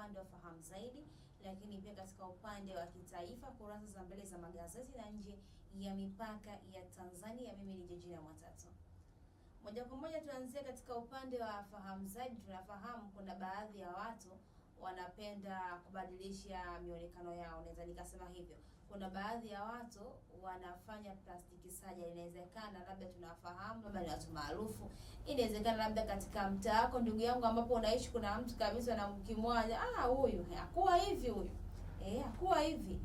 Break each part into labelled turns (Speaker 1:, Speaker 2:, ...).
Speaker 1: upande wa fahamu zaidi, lakini pia katika upande wa kitaifa, kurasa za mbele za magazeti na nje ya mipaka ya Tanzania. Mimi ni Jejina Mwatatu. Moja kwa moja tuanzie katika upande wa fahamu zaidi. Tunafahamu kuna baadhi ya watu wanapenda kubadilisha mionekano yao, naweza nikasema hivyo. Kuna baadhi ya watu wanafanya plastiki surgery, inawezekana labda tunafahamu, labda ni watu maarufu, inawezekana labda katika mtaa wako, ndugu yangu, ambapo unaishi, kuna mtu kabisa na mkimwaja, ah, huyu hakuwa hivi, huyu eh, hakuwa hivi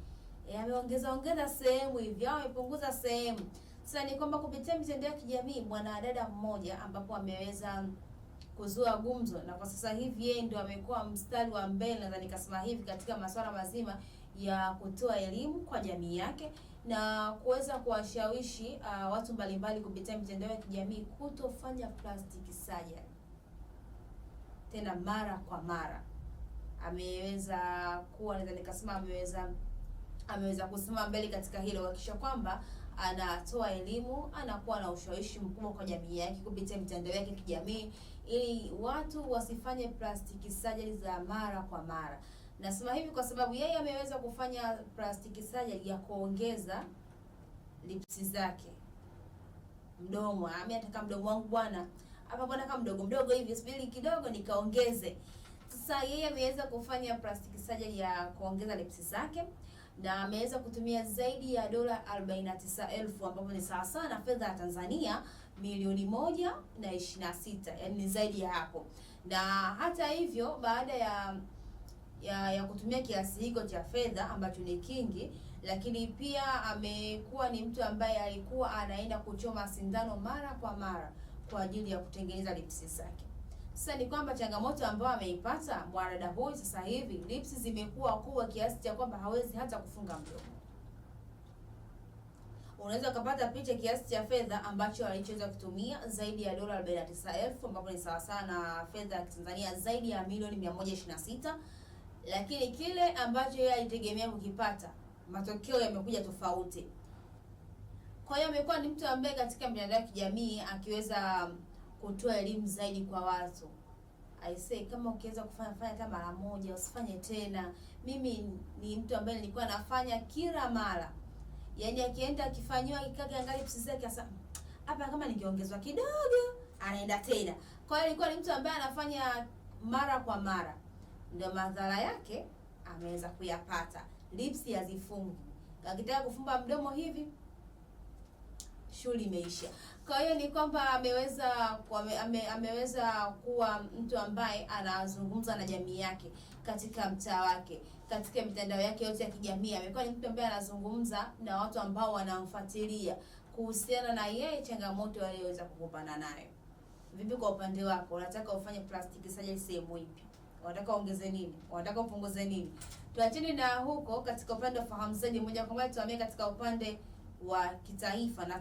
Speaker 1: eh, ameongeza ongeza sehemu hivi au amepunguza sehemu. Sasa ni kwamba kupitia mitandao ya kijamii, mwanadada mmoja ambapo ameweza kuzua gumzo, na kwa sasa hivi yeye ndio amekuwa mstari wa mbele, naweza nikasema hivi, katika masuala mazima ya kutoa elimu kwa jamii yake na kuweza kuwashawishi uh, watu mbalimbali kupitia mitandao ya kijamii kutofanya plastic surgery tena mara kwa mara. Ameweza kuwa naweza nikasema ameweza ameweza kusimama mbele katika hilo kuhakikisha kwamba anatoa elimu, anakuwa na ushawishi mkubwa kwa jamii yake kupitia mitandao yake kijamii, ili watu wasifanye plastiki surgery za mara kwa mara. Nasema hivi kwa sababu yeye ameweza kufanya plastiki surgery ya kuongeza lipsi zake, mdomo ameataka mdomo wangu bwana, hapa bwana, kama mdogo mdogo hivi, subiri kidogo nikaongeze. Sasa yeye ameweza kufanya plastiki surgery ya kuongeza lipsi zake na ameweza kutumia zaidi ya dola 49,000 ambapo ni sawa sawa na fedha ya Tanzania milioni moja na 26, yani ni zaidi ya hapo. Na hata hivyo baada ya ya, ya kutumia kiasi hicho cha fedha ambacho ni kingi, lakini pia amekuwa ni mtu ambaye alikuwa anaenda kuchoma sindano mara kwa mara kwa ajili ya kutengeneza lipsi zake. Sasa ni kwamba changamoto ambayo ameipata mwanadada huyu sasa hivi lips zimekuwa kubwa kiasi cha kwamba hawezi hata kufunga mdomo. Unaweza ukapata picha kiasi cha fedha ambacho alichoweza kutumia zaidi ya dola 49,000 ambapo ni sawasawa na fedha ya Tanzania zaidi ya milioni 126, lakini kile ambacho yeye alitegemea kukipata, matokeo yamekuja tofauti. Kwa hiyo amekuwa ni mtu ambaye katika mitandao ya kijamii akiweza kutoa elimu zaidi kwa watu. say kama ukiweza kufanya fanya hata mara moja, usifanye tena. Mimi ni mtu ambaye nilikuwa nafanya kila mara, yaani akienda akifanyiwa kikaga angali kasa hapa, kama ningeongezwa kidogo, anaenda tena. Kwa hiyo alikuwa ni mtu ambaye anafanya mara kwa mara, ndio madhara yake ameweza kuyapata. Lips hazifungi, akitaka kufumba mdomo hivi shughuli imeisha. Kwa hiyo ni kwamba ameweza ame, ameweza kuwa mtu ambaye anazungumza na jamii yake katika mtaa wake, katika mitandao yake yote ya kijamii. Amekuwa ni mtu ambaye anazungumza na watu ambao wanamfuatilia kuhusiana na yeye, changamoto aliyoweza kukumbana nayo. Vipi kwa upande wako, unataka ufanye plastic surgery sehemu ipi? Unataka ongeze nini? Unataka upunguze nini? Tuachini na huko katika upande wa fahamu zaidi, moja kwa moja tuamie katika upande wa kitaifa na